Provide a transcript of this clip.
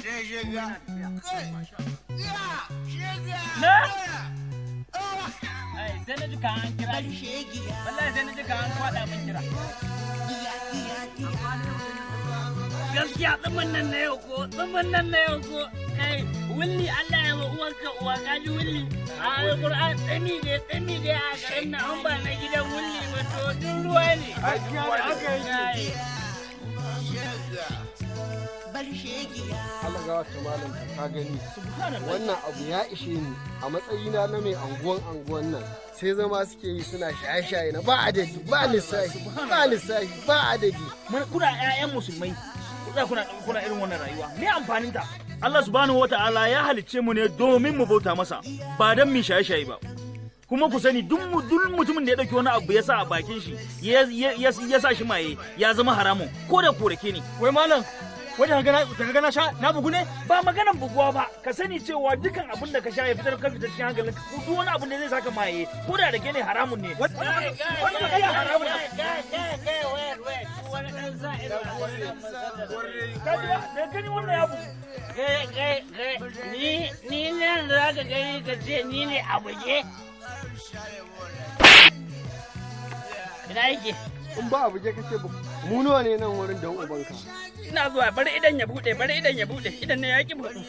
Sai shiga. Kai. Ya. Ah. na Gaskiya nan na yau ko, nan na yau ko. Kai, Allah ya ma uwarka uwa kaji A Al-Qur'an tsami ne, tsami ne a na an ba na gidan wulli ba to duk ruwa ne. Gaskiya da aka yi. Allah wata malam ta gani wannan abu ya ishe ni a matsayina na mai anguwan anguwan nan sai zama suke yi suna shaye-shaye na ba adadi ba lissafi ba lissafi ba adadi kuna 'ya'yan musulmai kuna kuna kuna irin wannan rayuwa me amfanin ta Allah subhanahu ta'ala ya halicce mu ne domin mu bauta masa ba dan mu shaye-shaye ba kuma ku sani duk mutumin da ya dauki wani abu ya sa a bakin shi ya sa shi maye ya zama haramun ko da korake ne wai malam wajen gana na sha na bugu ne ba maganan buguwa ba ka sani cewa dukan abin da ka sha ya fitar ka fitar cikin hankalin ka duk wani abin da zai saka maye ko da rake ne haramun ne wani kai haramun ne da gani wannan ya bugu ni ni za ka gani ka ce ni ne a ina yake in ba abu je kace mu nawa ne nan wurin uban ubanka ina zuwa bari idan ya bude bari idan ya bude idan ne ya ki bude